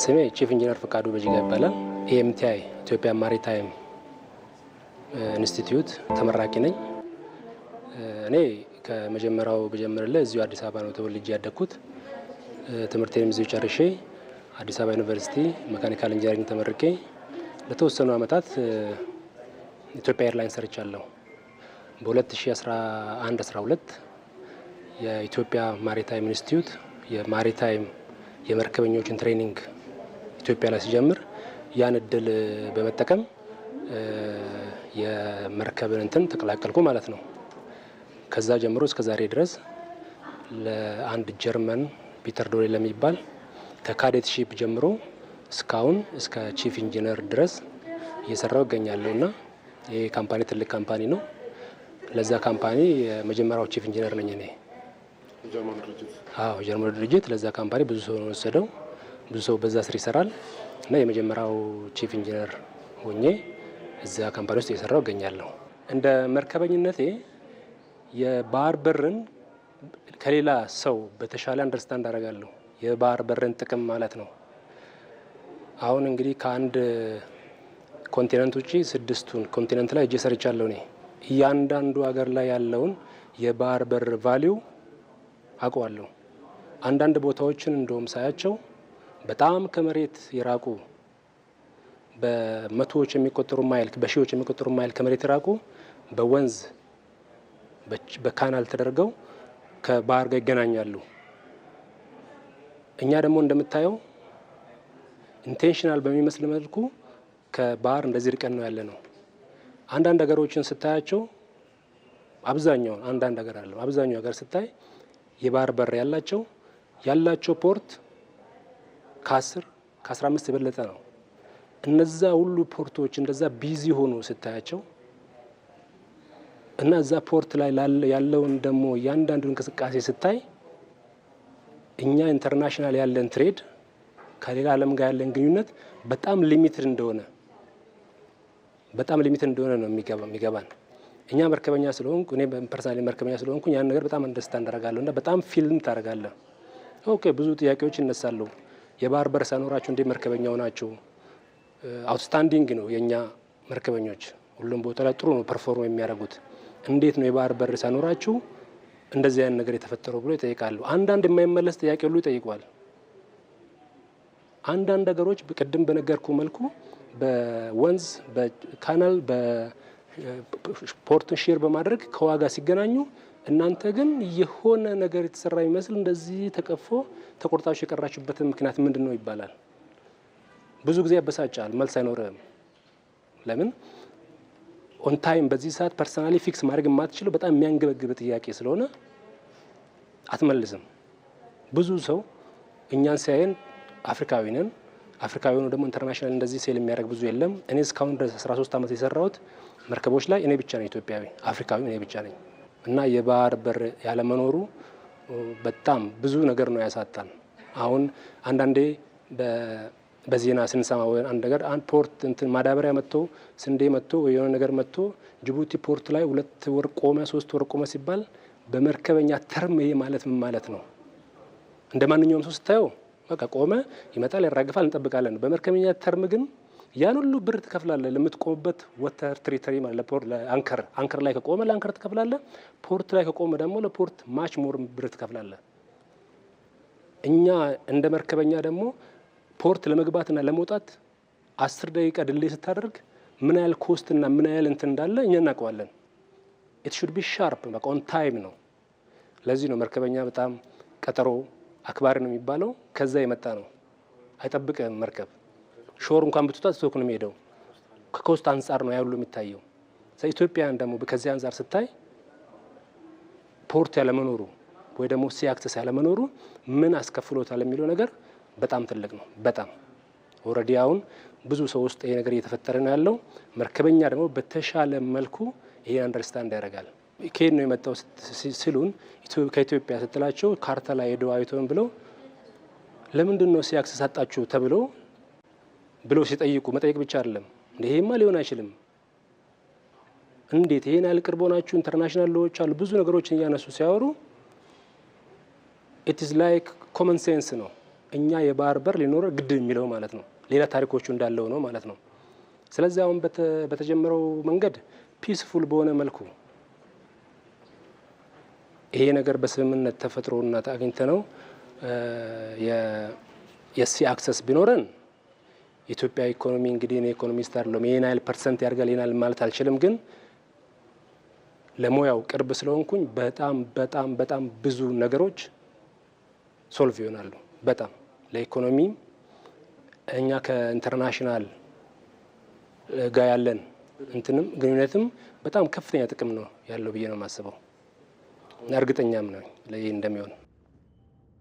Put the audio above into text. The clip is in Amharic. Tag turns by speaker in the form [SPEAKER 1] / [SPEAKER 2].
[SPEAKER 1] ስሜ ቺፍ ኢንጂነር ፍቃዱ በጅጋ ይባላል። ኤምቲአይ ኢትዮጵያ ማሪታይም ኢንስቲትዩት ተመራቂ ነኝ። እኔ ከመጀመሪያው በጀምርለ እዚሁ አዲስ አበባ ነው ተወልጄ ያደግኩት። ትምህርቴንም እዚሁ ጨርሼ አዲስ አበባ ዩኒቨርሲቲ መካኒካል ኢንጂነሪንግ ተመርቄ ለተወሰኑ ዓመታት ኢትዮጵያ ኤርላይንስ ሰርቻለሁ። በ2011 12 የኢትዮጵያ ማሪታይም ኢንስቲትዩት የማሪታይም የመርከበኞችን ትሬኒንግ ኢትዮጵያ ላይ ሲጀምር ያን እድል በመጠቀም የመርከብን እንትን ተቀላቀልኩ ማለት ነው። ከዛ ጀምሮ እስከ ዛሬ ድረስ ለአንድ ጀርመን ፒተር ዶሬ ለሚባል ከካዴት ሺፕ ጀምሮ እስካሁን እስከ ቺፍ ኢንጂነር ድረስ እየሰራው ይገኛለሁ እና ይህ ካምፓኒ ትልቅ ካምፓኒ ነው። ለዛ ካምፓኒ የመጀመሪያው ቺፍ ኢንጂነር ነኝ እኔ። ጀርመን ድርጅት ለዛ ካምፓኒ ብዙ ሰው ነው ወሰደው። ብዙ ሰው በዛ ስር ይሰራል እና የመጀመሪያው ቺፍ ኢንጂነር ሆኜ እዛ ካምፓኒ ውስጥ እየሰራው እገኛለሁ። እንደ መርከበኝነቴ የባህር በርን ከሌላ ሰው በተሻለ አንደርስታንድ አደርጋለሁ። የባህር በርን ጥቅም ማለት ነው። አሁን እንግዲህ ከአንድ ኮንቲነንት ውጪ ስድስቱን ኮንቲነንት ላይ እጄ ሰርቻለሁ እኔ እያንዳንዱ ሀገር ላይ ያለውን የባህር በር ቫሊዩ አውቀዋለሁ። አንዳንድ ቦታዎችን እንደውም ሳያቸው በጣም ከመሬት የራቁ በመቶዎች የሚቆጠሩ ማይል በሺዎች የሚቆጠሩ ማይል ከመሬት የራቁ በወንዝ በካናል ተደርገው ከባህር ጋር ይገናኛሉ። እኛ ደግሞ እንደምታየው ኢንቴንሽናል በሚመስል መልኩ ከባህር እንደዚህ ርቀን ነው ያለ ነው። አንዳንድ ሀገሮችን ስታያቸው አብዛኛውን አንዳንድ ሀገር አለ አብዛኛው ሀገር ስታይ የባህር በር ያላቸው ያላቸው ፖርት ከአስር ከአስራ አምስት የበለጠ ነው። እነዛ ሁሉ ፖርቶች እንደዛ ቢዚ ሆኑ ስታያቸው እና እዛ ፖርት ላይ ያለውን ደግሞ እያንዳንዱ እንቅስቃሴ ስታይ እኛ ኢንተርናሽናል ያለን ትሬድ ከሌላ ዓለም ጋር ያለን ግንኙነት በጣም ሊሚትድ እንደሆነ በጣም ሊሚትድ እንደሆነ ነው የሚገባን። እኛ መርከበኛ ስለሆንኩ እኔ ፐርሰናሊ መርከበኛ ስለሆንኩ ያን ነገር በጣም እንደስታ እንደረጋለሁ እና በጣም ፊልም ታደርጋለህ። ኦኬ ብዙ ጥያቄዎች ይነሳሉ። የባህር በር ሳይኖራችሁ እንዴት መርከበኛው ናችሁ? አውትስታንዲንግ ነው የእኛ መርከበኞች፣ ሁሉም ቦታ ላይ ጥሩ ነው ፐርፎርም የሚያደርጉት። እንዴት ነው የባህር በር ሳይኖራችሁ እንደዚህ አይነት ነገር የተፈጠረው ብሎ ይጠይቃሉ። አንዳንድ የማይመለስ ጥያቄ ሁሉ ይጠይቋል። አንዳንድ ሀገሮች ቅድም በነገርኩ መልኩ በወንዝ በካናል በፖርትን ሼር በማድረግ ከዋጋ ሲገናኙ እናንተ ግን የሆነ ነገር የተሰራ ይመስል እንደዚህ ተቀፎ ተቆርጣችሁ የቀራችሁበትን ምክንያት ምንድን ነው ይባላል። ብዙ ጊዜ ያበሳጫል፣ መልስ አይኖርም። ለምን ኦንታይም በዚህ ሰዓት ፐርሰናሊ ፊክስ ማድረግ የማትችለው በጣም የሚያንገበግብ ጥያቄ ስለሆነ አትመልስም። ብዙ ሰው እኛን ሲያየን አፍሪካዊ ነን፣ አፍሪካዊ ሆኖ ደግሞ ኢንተርናሽናል እንደዚህ ሴል የሚያደርግ ብዙ የለም። እኔ እስካሁን ድረስ 13 ዓመት የሰራሁት መርከቦች ላይ እኔ ብቻ ነኝ ኢትዮጵያዊ፣ አፍሪካዊ እኔ ብቻ ነኝ። እና የባህር በር ያለመኖሩ በጣም ብዙ ነገር ነው ያሳጣን። አሁን አንዳንዴ በዜና ስንሰማ ወይ አንድ ነገር አንድ ፖርት እንትን ማዳበሪያ መጥቶ ስንዴ መጥቶ ወይ የሆነ ነገር መጥቶ ጅቡቲ ፖርት ላይ ሁለት ወር ቆመ፣ ሶስት ወር ቆመ ሲባል በመርከበኛ ተርም ይሄ ማለት ምን ማለት ነው? እንደ ማንኛውም ሰው ስታየው በቃ ቆመ፣ ይመጣል፣ ያራግፋል፣ እንጠብቃለን። በመርከበኛ ተርም ግን ያን ሁሉ ብር ትከፍላለህ ለምትቆምበት ወተር ትሪተሪ ማለት ለአንከር አንከር ላይ ከቆመ ለአንከር ትከፍላለህ። ፖርት ላይ ከቆመ ደግሞ ለፖርት ማች ሞር ብር ትከፍላለህ። እኛ እንደ መርከበኛ ደግሞ ፖርት ለመግባትና ለመውጣት አስር ደቂቃ ድሌ ስታደርግ ምን ያህል ኮስትና ምን ያህል እንትን እንዳለ እኛ እናውቀዋለን። ኢት ሹድ ቢ ሻርፕ በቃ ኦን ታይም ነው። ለዚህ ነው መርከበኛ በጣም ቀጠሮ አክባሪ ነው የሚባለው። ከዛ የመጣ ነው። አይጠብቅም መርከብ ሾር እንኳን ብትወጣት ስቶክ ነው የሚሄደው። ከኮስት አንጻር ነው ያሉ የሚታየው። ኢትዮጵያን ደግሞ ከዚህ አንጻር ስታይ ፖርት ያለመኖሩ ወይ ደግሞ ሲ አክሰስ ያለመኖሩ ምን አስከፍሎታል የሚለው ነገር በጣም ትልቅ ነው። በጣም ኦልሬዲ አሁን ብዙ ሰው ውስጥ ይሄ ነገር እየተፈጠረ ነው ያለው። መርከበኛ ደግሞ በተሻለ መልኩ ይሄ አንደርስታንድ ያደርጋል። ከየት ነው የመጣው ሲሉን ከኢትዮጵያ ስትላቸው ካርታ ላይ ሄደው አይቶን ብለው ለምንድን ነው ሲ አክሰስ አጣችሁ ተብለው ብለው ሲጠይቁ መጠየቅ ብቻ አይደለም፣ ይሄማ ሊሆን አይችልም፣ እንዴት ይሄን ያህል ቅርብ ሆናችሁ ኢንተርናሽናል ሎዎች አሉ ብዙ ነገሮችን እያነሱ ሲያወሩ ኢትስ ላይክ ኮመን ሴንስ ነው። እኛ የባህር በር ሊኖረ ግድ የሚለው ማለት ነው። ሌላ ታሪኮቹ እንዳለው ነው ማለት ነው። ስለዚህ አሁን በተጀመረው መንገድ ፒስፉል በሆነ መልኩ ይሄ ነገር በስምምነት ተፈጥሮና አግኝተ ነው የሲ አክሰስ ቢኖረን የኢትዮጵያ ኢኮኖሚ እንግዲህ እኔ ኢኮኖሚስት አይደለሁም ይህን ያህል ፐርሰንት ያድርጋል ይህን ማለት አልችልም። ግን ለሙያው ቅርብ ስለሆንኩኝ በጣም በጣም በጣም ብዙ ነገሮች ሶልቭ ይሆናሉ። በጣም ለኢኮኖሚ እኛ ከኢንተርናሽናል ጋር ያለን እንትንም ግንኙነትም በጣም ከፍተኛ ጥቅም ነው ያለው ብዬ ነው የማስበው። እርግጠኛም ነው ይህ እንደሚሆን